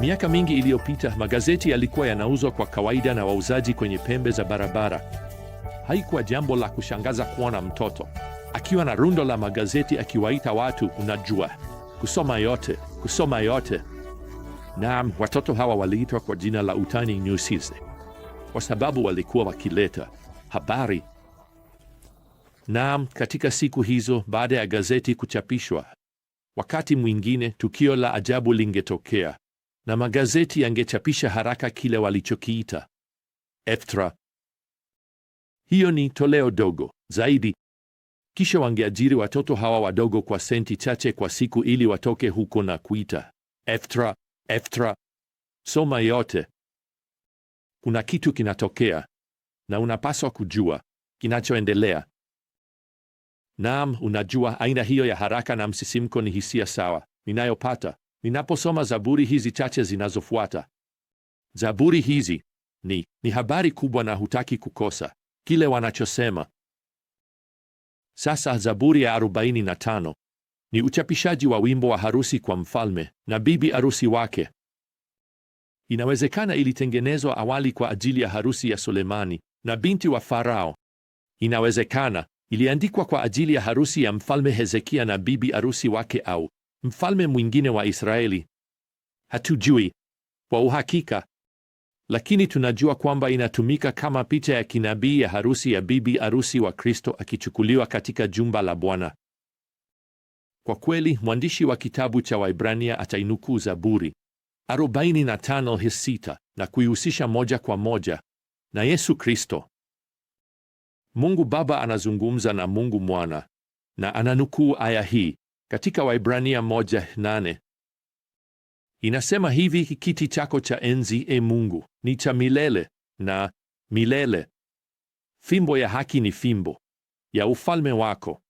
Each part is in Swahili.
Miaka mingi iliyopita, magazeti yalikuwa yanauzwa kwa kawaida na wauzaji kwenye pembe za barabara. Haikuwa jambo la kushangaza kuona mtoto akiwa na rundo la magazeti akiwaita watu, unajua, kusoma yote, kusoma yote. Naam, watoto hawa waliitwa kwa jina la utani nyusize kwa sababu walikuwa wakileta habari. Naam, katika siku hizo, baada ya gazeti kuchapishwa, wakati mwingine tukio la ajabu lingetokea na magazeti yangechapisha haraka kile walichokiita Eftra. Hiyo ni toleo dogo zaidi. Kisha wangeajiri watoto hawa wadogo kwa senti chache kwa siku ili watoke huko na kuita Eftra, Eftra. Soma yote. Kuna kitu kinatokea na unapaswa kujua kinachoendelea. Naam, unajua aina hiyo ya haraka na msisimko ni hisia sawa ninayopata ninaposoma Zaburi hizi chache zinazofuata. Zaburi hizi ni ni habari kubwa na hutaki kukosa kile wanachosema. Sasa Zaburi ya 45 ni uchapishaji wa wimbo wa harusi kwa mfalme na bibi harusi wake. Inawezekana ilitengenezwa awali kwa ajili ya harusi ya Sulemani na binti wa Farao. Inawezekana iliandikwa kwa ajili ya harusi ya mfalme Hezekia na bibi harusi wake, au mfalme mwingine wa Israeli. Hatujui kwa uhakika, lakini tunajua kwamba inatumika kama picha ya kinabii ya harusi ya bibi harusi wa Kristo akichukuliwa katika jumba la Bwana. Kwa kweli, mwandishi wa kitabu cha Waibrania atainukuu Zaburi 45:6 na kuihusisha moja kwa moja na Yesu Kristo. Mungu Baba anazungumza na Mungu Mwana na ananukuu aya hii katika Waibrania moja nane inasema hivi: kiti chako cha enzi, e Mungu, ni cha milele na milele, fimbo ya haki ni fimbo ya ufalme wako.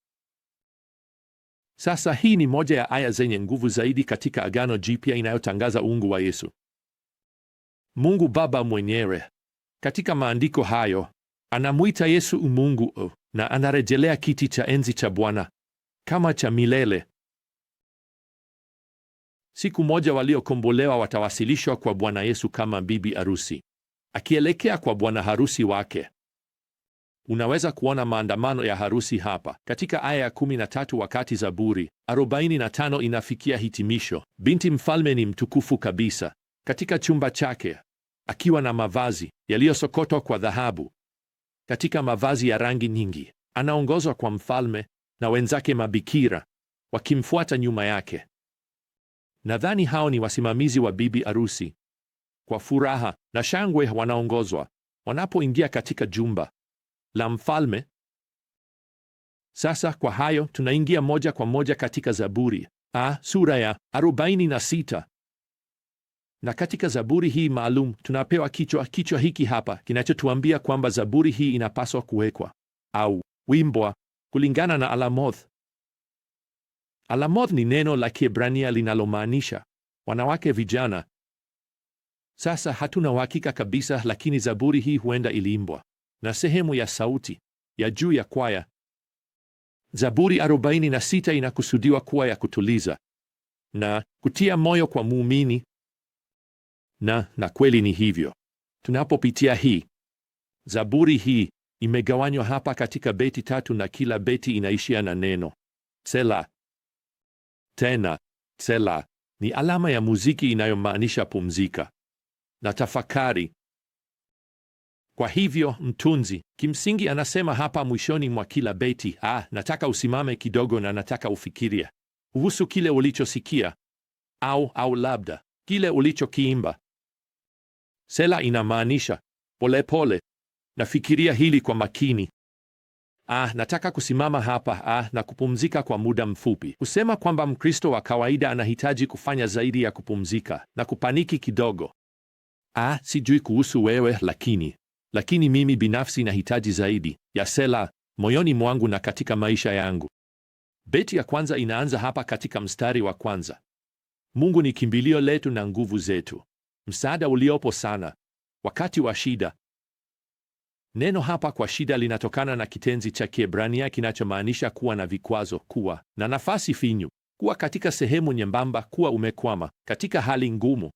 Sasa hii ni moja ya aya zenye nguvu zaidi katika Agano Jipya inayotangaza uungu wa Yesu, Mungu Baba mwenyewe. Katika maandiko hayo anamwita Yesu umungu e, na anarejelea kiti cha enzi cha Bwana kama cha milele. Siku moja waliokombolewa watawasilishwa kwa Bwana Yesu kama bibi arusi akielekea kwa bwana harusi wake. Unaweza kuona maandamano ya harusi hapa katika aya ya 13. Wakati Zaburi 45 inafikia hitimisho, binti mfalme ni mtukufu kabisa katika chumba chake akiwa na mavazi yaliyosokotwa kwa dhahabu, katika mavazi ya rangi nyingi. Anaongozwa kwa mfalme na wenzake mabikira wakimfuata nyuma yake. Nadhani hao ni wasimamizi wa bibi arusi. Kwa furaha na shangwe wanaongozwa wanapoingia katika jumba la mfalme. Sasa kwa hayo tunaingia moja kwa moja katika Zaburi a ah, sura ya 46 na katika Zaburi hii maalum tunapewa kichwa kichwa hiki hapa kinachotuambia kwamba Zaburi hii inapaswa kuwekwa au wimbwa kulingana na Alamoth Alamoth ni neno la Kiebrania linalomaanisha wanawake vijana. Sasa hatuna uhakika kabisa, lakini zaburi hii huenda iliimbwa na sehemu ya sauti ya juu ya kwaya. Zaburi 46 inakusudiwa kuwa ya kutuliza na kutia moyo kwa muumini, na na kweli ni hivyo. Tunapopitia hii zaburi, hii imegawanywa hapa katika beti tatu, na kila beti inaishia na neno sela. Tena tsela ni alama ya muziki inayomaanisha pumzika na tafakari. Kwa hivyo mtunzi kimsingi anasema hapa mwishoni mwa kila beti, ah, nataka usimame kidogo na nataka ufikiria kuhusu kile ulichosikia au au labda kile ulichokiimba. Sela inamaanisha polepole, nafikiria hili kwa makini ah, nataka kusimama hapa ah, na kupumzika kwa muda mfupi, husema kwamba Mkristo wa kawaida anahitaji kufanya zaidi ya kupumzika na kupaniki kidogo. Ah, sijui kuhusu wewe, lakini lakini mimi binafsi nahitaji zaidi ya sela moyoni mwangu na katika maisha yangu. Beti ya kwanza inaanza hapa katika mstari wa kwanza: Mungu ni kimbilio letu na nguvu zetu, msaada uliopo sana wakati wa shida. Neno hapa kwa shida linatokana na kitenzi cha Kiebrania kinachomaanisha kuwa na vikwazo, kuwa na nafasi finyu, kuwa katika sehemu nyembamba, kuwa umekwama katika hali ngumu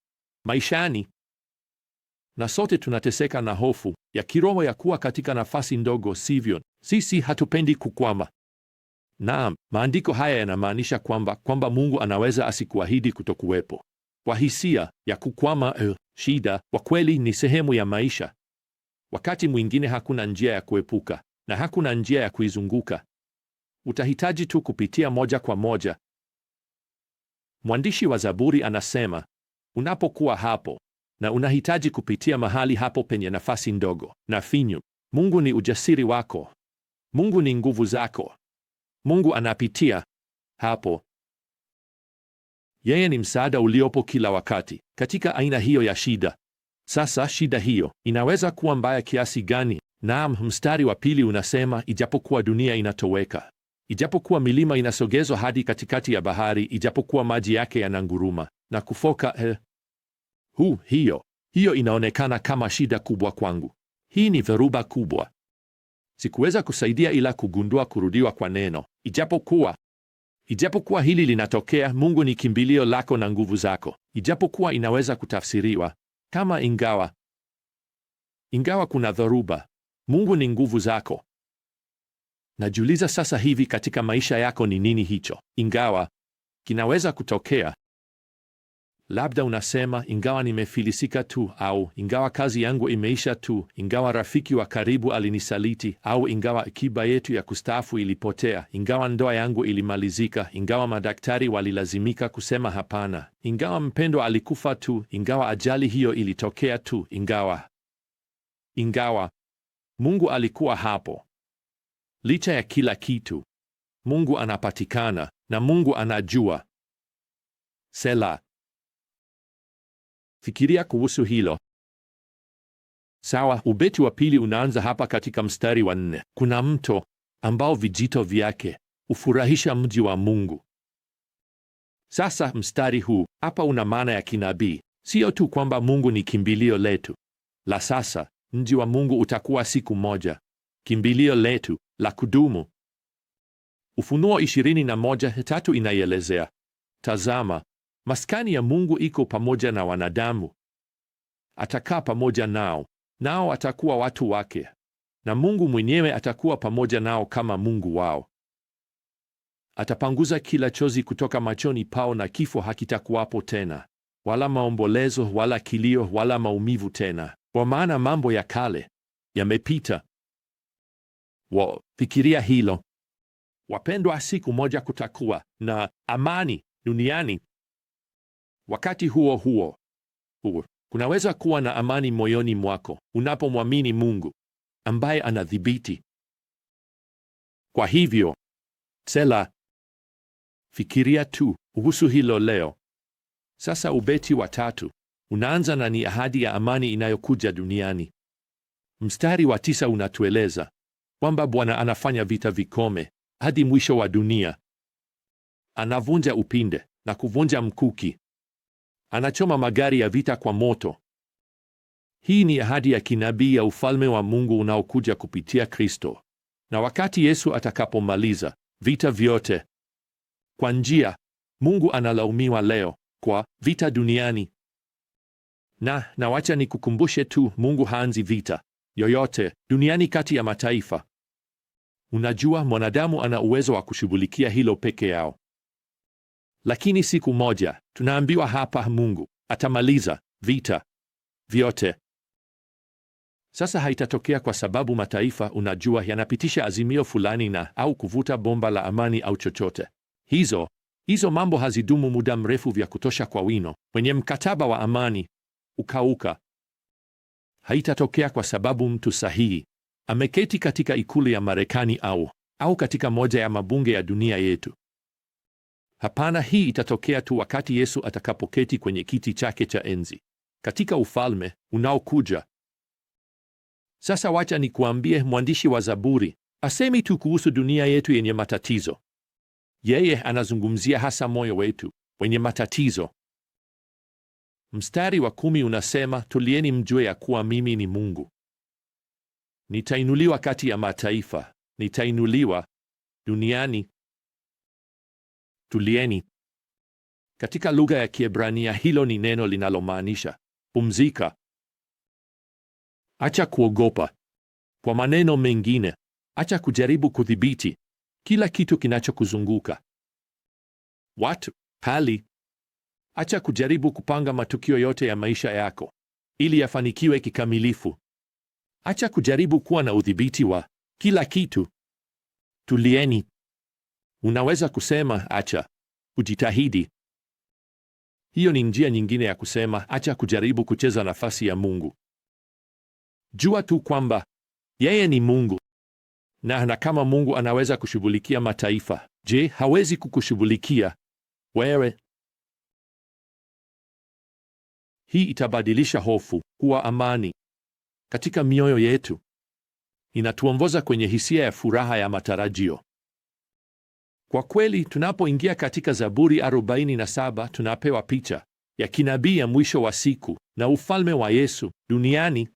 maishani. Na sote tunateseka na hofu ya kiroho ya kuwa katika nafasi ndogo, sivyo? Sisi hatupendi kukwama. Naam, maandiko haya yanamaanisha kwamba kwamba Mungu anaweza asikuahidi kutokuwepo kwa hisia ya kukwama. Uh, shida kwa kweli ni sehemu ya maisha. Wakati mwingine hakuna njia ya kuepuka na hakuna njia ya kuizunguka, utahitaji tu kupitia moja kwa moja. Mwandishi wa Zaburi anasema unapokuwa hapo na unahitaji kupitia mahali hapo penye nafasi ndogo na finyu, Mungu ni ujasiri wako, Mungu ni nguvu zako, Mungu anapitia hapo. Yeye ni msaada uliopo kila wakati katika aina hiyo ya shida. Sasa shida hiyo inaweza kuwa mbaya kiasi gani? Naam, mstari wa pili unasema ijapokuwa dunia inatoweka, ijapokuwa milima inasogezwa hadi katikati ya bahari, ijapokuwa maji yake yananguruma na kufoka eh, hu hiyo hiyo inaonekana kama shida kubwa kwangu. Hii ni dhoruba kubwa. Sikuweza kusaidia ila kugundua kurudiwa kwa neno ijapokuwa. Ijapokuwa hili linatokea, Mungu ni kimbilio lako na nguvu zako. Ijapokuwa inaweza kutafsiriwa kama ingawa ingawa kuna dhoruba, Mungu ni nguvu zako. Najiuliza sasa hivi katika maisha yako ni nini hicho ingawa kinaweza kutokea. Labda unasema ingawa nimefilisika tu, au ingawa kazi yangu imeisha tu, ingawa rafiki wa karibu alinisaliti, au ingawa akiba yetu ya kustaafu ilipotea, ingawa ndoa yangu ilimalizika, ingawa madaktari walilazimika kusema hapana, ingawa mpendwa alikufa tu, ingawa ajali hiyo ilitokea tu, ingawa ingawa Mungu alikuwa hapo. Licha ya kila kitu, Mungu anapatikana na Mungu anajua. Sela. Fikiria kuhusu hilo. Sawa, ubeti wa pili unaanza hapa katika mstari wa nne. Kuna mto ambao vijito vyake hufurahisha mji wa Mungu. Sasa mstari huu hapa una maana ya kinabii, sio tu kwamba Mungu ni kimbilio letu la sasa. Mji wa Mungu utakuwa siku moja kimbilio letu la kudumu. Ufunuo ishirini inaielezea, tazama Maskani ya Mungu iko pamoja na wanadamu, atakaa pamoja nao, nao atakuwa watu wake, na Mungu mwenyewe atakuwa pamoja nao kama Mungu wao. Atapanguza kila chozi kutoka machoni pao, na kifo hakitakuwapo tena, wala maombolezo, wala kilio, wala maumivu tena, kwa maana mambo ya kale yamepita. Wow, fikiria hilo wapendwa. Siku moja kutakuwa na amani duniani. Wakati huo huo huo kunaweza kuwa na amani moyoni mwako unapomwamini Mungu ambaye anadhibiti. Kwa hivyo Sela, fikiria tu kuhusu hilo leo. Sasa ubeti wa tatu unaanza na ni ahadi ya amani inayokuja duniani. Mstari wa tisa unatueleza kwamba Bwana anafanya vita vikome hadi mwisho wa dunia, anavunja upinde na kuvunja mkuki anachoma magari ya vita kwa moto. Hii ni ahadi ya kinabii ya ufalme wa Mungu unaokuja kupitia Kristo, na wakati Yesu atakapomaliza vita vyote kwa njia, Mungu analaumiwa leo kwa vita duniani. Na na wacha nikukumbushe tu, Mungu haanzi vita yoyote duniani kati ya mataifa. Unajua, mwanadamu ana uwezo wa kushughulikia hilo peke yao. Lakini siku moja tunaambiwa hapa Mungu atamaliza vita vyote. Sasa haitatokea kwa sababu mataifa, unajua, yanapitisha azimio fulani na au kuvuta bomba la amani au chochote. Hizo hizo mambo hazidumu muda mrefu vya kutosha kwa wino wenye mkataba wa amani ukauka. Haitatokea kwa sababu mtu sahihi ameketi katika ikulu ya Marekani au au katika moja ya mabunge ya dunia yetu Hapana, hii itatokea tu wakati Yesu atakapoketi kwenye kiti chake cha enzi katika ufalme unaokuja. Sasa wacha nikuambie, mwandishi wa Zaburi asemi tu kuhusu dunia yetu yenye matatizo. Yeye anazungumzia hasa moyo wetu wenye matatizo. Mstari wa kumi unasema, tulieni mjue ya kuwa mimi ni Mungu, nitainuliwa kati ya mataifa, nitainuliwa duniani tulieni. Katika lugha ya Kiebrania hilo ni neno linalomaanisha pumzika. Acha kuogopa. Kwa maneno mengine, acha kujaribu kudhibiti kila kitu kinachokuzunguka, watu, hali. Acha kujaribu kupanga matukio yote ya maisha yako ili yafanikiwe kikamilifu. Acha kujaribu kuwa na udhibiti wa kila kitu. Tulieni. Unaweza kusema acha kujitahidi. Hiyo ni njia nyingine ya kusema acha kujaribu kucheza nafasi ya Mungu. Jua tu kwamba yeye ni Mungu na, na kama Mungu anaweza kushughulikia mataifa, je, hawezi kukushughulikia wewe? Hii itabadilisha hofu kuwa amani katika mioyo yetu, inatuongoza kwenye hisia ya furaha ya matarajio. Kwa kweli tunapoingia katika Zaburi 47 tunapewa picha ya kinabii ya mwisho wa siku na ufalme wa Yesu duniani.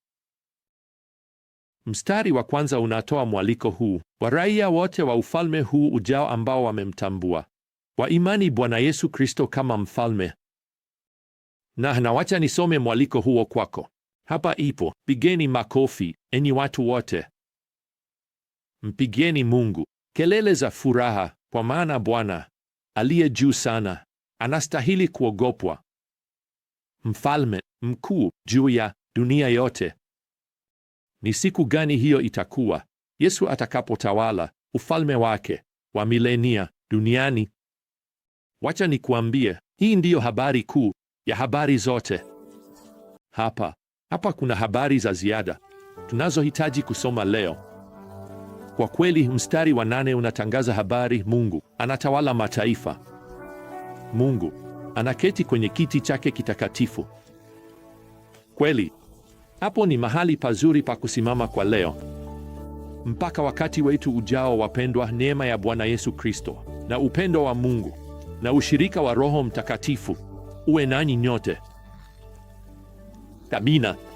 Mstari wa kwanza unatoa mwaliko huu wa raia wote wa ufalme huu ujao ambao wamemtambua kwa imani Bwana Yesu Kristo kama mfalme. Na nawacha nisome mwaliko huo kwako. Hapa ipo: pigeni makofi, enyi watu wote, mpigeni Mungu kelele za furaha. Kwa maana Bwana aliye juu sana anastahili kuogopwa, mfalme mkuu juu ya dunia yote. Ni siku gani hiyo itakuwa? Yesu atakapotawala ufalme wake wa milenia duniani. Wacha nikuambie, hii ndiyo habari kuu ya habari zote. Hapa hapa kuna habari za ziada tunazohitaji kusoma leo. Kwa kweli, mstari wa nane unatangaza habari: Mungu anatawala mataifa, Mungu anaketi kwenye kiti chake kitakatifu. Kweli, hapo ni mahali pazuri pa kusimama kwa leo. Mpaka wakati wetu ujao, wapendwa, neema ya Bwana Yesu Kristo na upendo wa Mungu na ushirika wa Roho Mtakatifu uwe nanyi nyote. Amina.